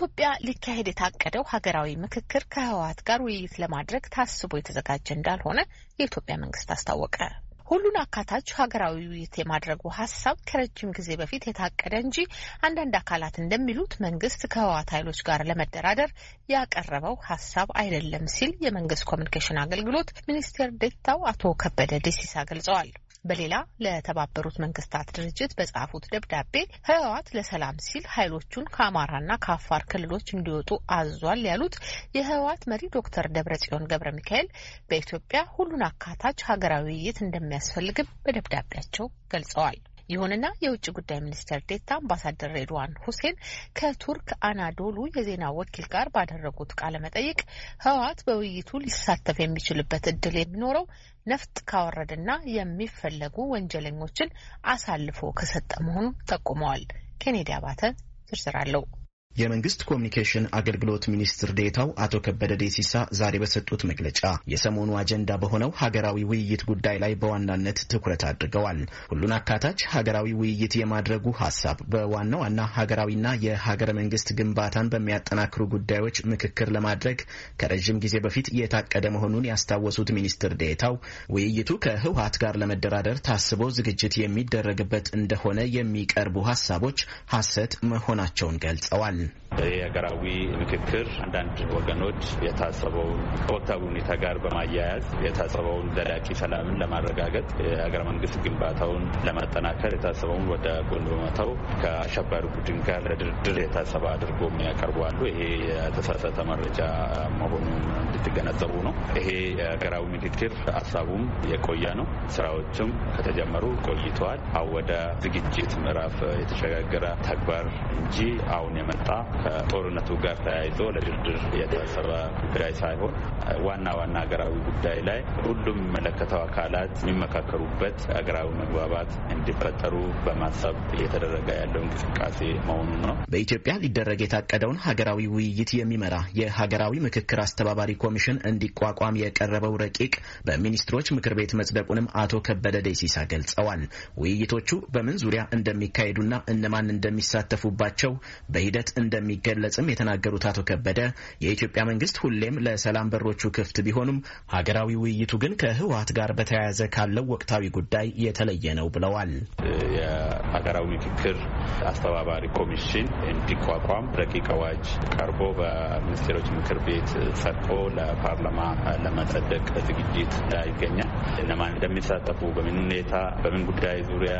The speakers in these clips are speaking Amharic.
በኢትዮጵያ ሊካሄድ የታቀደው ሀገራዊ ምክክር ከህወሀት ጋር ውይይት ለማድረግ ታስቦ የተዘጋጀ እንዳልሆነ የኢትዮጵያ መንግስት አስታወቀ። ሁሉን አካታች ሀገራዊ ውይይት የማድረጉ ሀሳብ ከረጅም ጊዜ በፊት የታቀደ እንጂ አንዳንድ አካላት እንደሚሉት መንግስት ከህወሀት ኃይሎች ጋር ለመደራደር ያቀረበው ሀሳብ አይደለም ሲል የመንግስት ኮሚኒኬሽን አገልግሎት ሚኒስቴር ዴታው አቶ ከበደ ደሲሳ ገልጸዋል። በሌላ ለተባበሩት መንግስታት ድርጅት በጻፉት ደብዳቤ ህወሓት ለሰላም ሲል ኃይሎቹን ከአማራና ከአፋር ክልሎች እንዲወጡ አዟል ያሉት የህወሓት መሪ ዶክተር ደብረጽዮን ገብረ ሚካኤል በኢትዮጵያ ሁሉን አካታች ሀገራዊ ውይይት እንደሚያስፈልግም በደብዳቤያቸው ገልጸዋል። ይሁንና የውጭ ጉዳይ ሚኒስትር ዴታ አምባሳደር ሬድዋን ሁሴን ከቱርክ አናዶሉ የዜና ወኪል ጋር ባደረጉት ቃለ መጠይቅ ህወሓት በውይይቱ ሊሳተፍ የሚችልበት እድል የሚኖረው ነፍጥ ካወረደና የሚፈለጉ ወንጀለኞችን አሳልፎ ከሰጠ መሆኑን ጠቁመዋል። ኬኔዲ አባተ ዝርዝር አለው። የመንግስት ኮሚኒኬሽን አገልግሎት ሚኒስትር ዴታው አቶ ከበደ ዴሲሳ ዛሬ በሰጡት መግለጫ የሰሞኑ አጀንዳ በሆነው ሀገራዊ ውይይት ጉዳይ ላይ በዋናነት ትኩረት አድርገዋል። ሁሉን አካታች ሀገራዊ ውይይት የማድረጉ ሀሳብ በዋና ዋና ሀገራዊና የሀገረ መንግስት ግንባታን በሚያጠናክሩ ጉዳዮች ምክክር ለማድረግ ከረዥም ጊዜ በፊት የታቀደ መሆኑን ያስታወሱት ሚኒስትር ዴታው ውይይቱ ከህወሀት ጋር ለመደራደር ታስቦ ዝግጅት የሚደረግበት እንደሆነ የሚቀርቡ ሀሳቦች ሀሰት መሆናቸውን ገልጸዋል። Yeah. የሀገራዊ ምክክር አንዳንድ ወገኖች የታሰበውን ከወቅታዊ ሁኔታ ጋር በማያያዝ የታሰበውን ዘላቂ ሰላምን ለማረጋገጥ የሀገር መንግስት ግንባታውን ለማጠናከር የታሰበውን ወደ ጎን በመተው ከአሸባሪ ቡድን ጋር ለድርድር የታሰበ አድርጎ የሚያቀርቡ ይሄ የተሳሳተ መረጃ መሆኑን እንድትገነዘቡ ነው። ይሄ የሀገራዊ ምክክር ሀሳቡም የቆየ ነው። ስራዎችም ከተጀመሩ ቆይተዋል። አወደ ዝግጅት ምዕራፍ የተሸጋገረ ተግባር እንጂ አሁን የመጣ ከጦርነቱ ጋር ተያይዞ ለድርድር የታሰበ ጉዳይ ሳይሆን ዋና ዋና ሀገራዊ ጉዳይ ላይ ሁሉም የሚመለከተው አካላት የሚመካከሩበት ሀገራዊ መግባባት እንዲፈጠሩ በማሰብ እየተደረገ ያለው እንቅስቃሴ መሆኑን ነው። በኢትዮጵያ ሊደረግ የታቀደውን ሀገራዊ ውይይት የሚመራ የሀገራዊ ምክክር አስተባባሪ ኮሚሽን እንዲቋቋም የቀረበው ረቂቅ በሚኒስትሮች ምክር ቤት መጽደቁንም አቶ ከበደ ደሲሳ ገልጸዋል። ውይይቶቹ በምን ዙሪያ እንደሚካሄዱና እነማን እንደሚሳተፉባቸው በሂደት እንደሚ እንደሚገለጽም የተናገሩት አቶ ከበደ የኢትዮጵያ መንግስት ሁሌም ለሰላም በሮቹ ክፍት ቢሆኑም ሀገራዊ ውይይቱ ግን ከህወሀት ጋር በተያያዘ ካለው ወቅታዊ ጉዳይ የተለየ ነው ብለዋል። የሀገራዊ ምክክር አስተባባሪ ኮሚሽን እንዲቋቋም ረቂቅ አዋጅ ቀርቦ በሚኒስቴሮች ምክር ቤት ጸድቆ ለፓርላማ ለመጸደቅ ዝግጅት ይገኛል። እነማን እንደሚሳተፉ፣ በምን ሁኔታ፣ በምን ጉዳይ ዙሪያ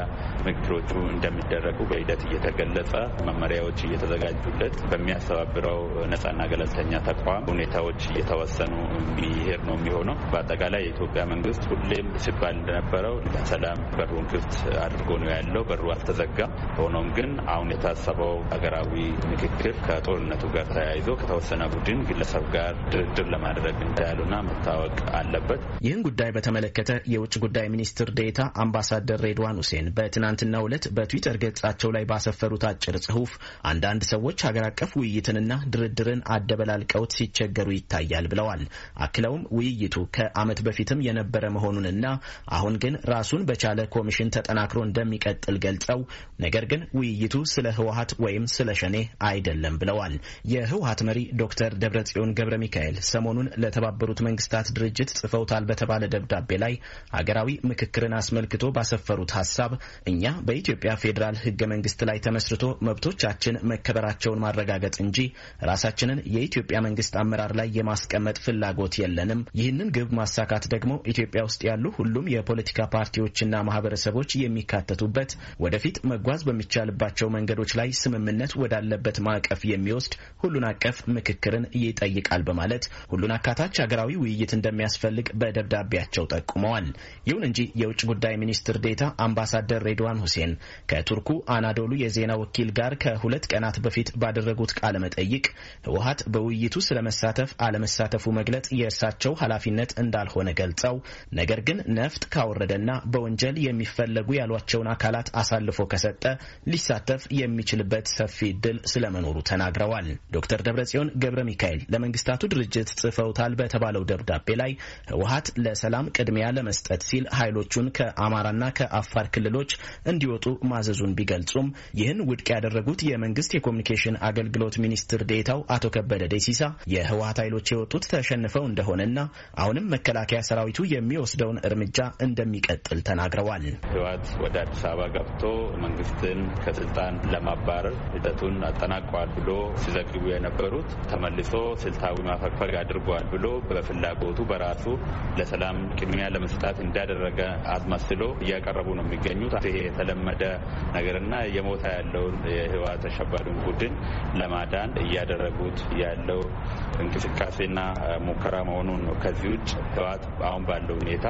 ምክክሮቹ እንደሚደረጉ በሂደት እየተገለጸ መመሪያዎች እየተዘጋጁለት በሚያስተባብረው ነጻና ገለልተኛ ተቋም ሁኔታዎች እየተወሰኑ የሚሄድ ነው የሚሆነው። በአጠቃላይ የኢትዮጵያ መንግስት ሁሌም ሲባል እንደነበረው ለሰላም በሩን ክፍት አድርጎ ነው ያለው። በሩ አልተዘጋም። ሆኖም ግን አሁን የታሰበው ሀገራዊ ምክክር ከጦርነቱ ጋር ተያይዞ ከተወሰነ ቡድን ግለሰብ ጋር ድርድር ለማድረግ እንዳያሉና መታወቅ አለበት። ይህን ጉዳይ በተመለ በተመለከተ የውጭ ጉዳይ ሚኒስትር ዴታ አምባሳደር ሬድዋን ሁሴን በትናንትናው ዕለት በትዊተር ገጻቸው ላይ ባሰፈሩት አጭር ጽሁፍ አንዳንድ ሰዎች ሀገር አቀፍ ውይይትንና ድርድርን አደበላልቀውት ሲቸገሩ ይታያል ብለዋል። አክለውም ውይይቱ ከዓመት በፊትም የነበረ መሆኑንና አሁን ግን ራሱን በቻለ ኮሚሽን ተጠናክሮ እንደሚቀጥል ገልጸው ነገር ግን ውይይቱ ስለ ህወሀት ወይም ስለ ሸኔ አይደለም ብለዋል። የህወሀት መሪ ዶክተር ደብረጽዮን ገብረ ሚካኤል ሰሞኑን ለተባበሩት መንግስታት ድርጅት ጽፈውታል በተባለ ደብዳቤ ላይ አገራዊ ምክክርን አስመልክቶ ባሰፈሩት ሀሳብ እኛ በኢትዮጵያ ፌዴራል ህገ መንግስት ላይ ተመስርቶ መብቶቻችን መከበራቸውን ማረጋገጥ እንጂ ራሳችንን የኢትዮጵያ መንግስት አመራር ላይ የማስቀመጥ ፍላጎት የለንም። ይህንን ግብ ማሳካት ደግሞ ኢትዮጵያ ውስጥ ያሉ ሁሉም የፖለቲካ ፓርቲዎችና ማህበረሰቦች የሚካተቱበት ወደፊት መጓዝ በሚቻልባቸው መንገዶች ላይ ስምምነት ወዳለበት ማዕቀፍ የሚወስድ ሁሉን አቀፍ ምክክርን ይጠይቃል በማለት ሁሉን አካታች ሀገራዊ ውይይት እንደሚያስፈልግ በደብዳቤያቸው ጠቁ ጠቁመዋል። ይሁን እንጂ የውጭ ጉዳይ ሚኒስትር ዴታ አምባሳደር ሬድዋን ሁሴን ከቱርኩ አናዶሉ የዜና ወኪል ጋር ከሁለት ቀናት በፊት ባደረጉት ቃለ መጠይቅ ህወሀት በውይይቱ ስለመሳተፍ አለመሳተፉ መግለጽ የእርሳቸው ኃላፊነት እንዳልሆነ ገልጸው ነገር ግን ነፍጥ ካወረደና በወንጀል የሚፈለጉ ያሏቸውን አካላት አሳልፎ ከሰጠ ሊሳተፍ የሚችልበት ሰፊ እድል ስለመኖሩ ተናግረዋል። ዶክተር ደብረጽዮን ገብረ ሚካኤል ለመንግስታቱ ድርጅት ጽፈውታል በተባለው ደብዳቤ ላይ ህወሀት ለሰላም ቅድሚያ ቅድሚያ ለመስጠት ሲል ኃይሎቹን ከአማራና ከአፋር ክልሎች እንዲወጡ ማዘዙን ቢገልጹም ይህን ውድቅ ያደረጉት የመንግስት የኮሚኒኬሽን አገልግሎት ሚኒስትር ዴታው አቶ ከበደ ደሲሳ የህወሀት ኃይሎች የወጡት ተሸንፈው እንደሆነና አሁንም መከላከያ ሰራዊቱ የሚወስደውን እርምጃ እንደሚቀጥል ተናግረዋል። ህወሀት ወደ አዲስ አበባ ገብቶ መንግስትን ከስልጣን ለማባረር ሂደቱን አጠናቋል ብሎ ሲዘግቡ የነበሩት ተመልሶ ስልታዊ ማፈግፈግ አድርጓል ብሎ በፍላጎቱ በራሱ ለሰላም ቅድሚያ ለመስጠት እንዳደረገ አስመስሎ እያቀረቡ ነው የሚገኙት። ይሄ የተለመደ ነገርና እየሞታ ያለውን የህወሓት አሸባሪውን ቡድን ለማዳን እያደረጉት ያለው እንቅስቃሴና ሙከራ መሆኑን ነው። ከዚህ ውጭ ህወሓት አሁን ባለው ሁኔታ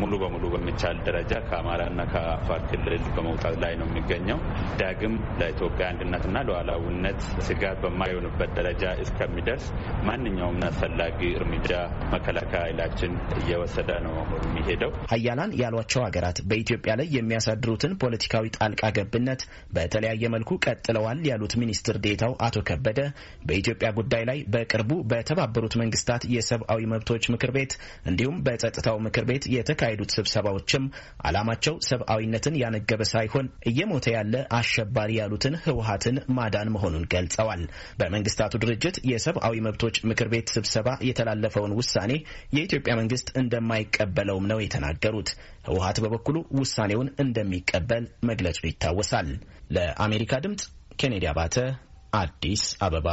ሙሉ በሙሉ በሚቻል ደረጃ ከአማራና ከአፋር ክልል በመውጣት ላይ ነው የሚገኘው። ዳግም ለኢትዮጵያ አንድነትና ለሉዓላዊነት ስጋት በማይሆንበት ደረጃ እስከሚደርስ ማንኛውም አስፈላጊ እርምጃ መከላከያ ኃይላችን እየወሰደ ነው አሁን የሚሄደው። ሀያላን ያሏቸው ሀገራት በኢትዮጵያ ላይ የሚያሳድሩትን ፖለቲካዊ ጣልቃ ገብነት በተለያየ መልኩ ቀጥለዋል ያሉት ሚኒስትር ዴታው አቶ ከበደ በኢትዮጵያ ጉዳይ ላይ በቅርቡ በተባበሩት መንግስታት የሰብአዊ መብቶች ምክር ቤት እንዲሁም በጸጥታው ምክር ቤት የተካሄዱት ስብሰባዎችም አላማቸው ሰብአዊነትን ያነገበ ሳይሆን እየሞተ ያለ አሸባሪ ያሉትን ህወሀትን ማዳን መሆኑን ገልጸዋል። በመንግስታቱ ድርጅት የሰብአዊ መብቶች ምክር ቤት ስብሰባ የተላለፈውን ውሳኔ የኢትዮጵያ መንግስት እንደማይቀ እንደሚቀበለውም ነው የተናገሩት። ህወሀት በበኩሉ ውሳኔውን እንደሚቀበል መግለጹ ይታወሳል። ለአሜሪካ ድምፅ ኬኔዲ አባተ አዲስ አበባ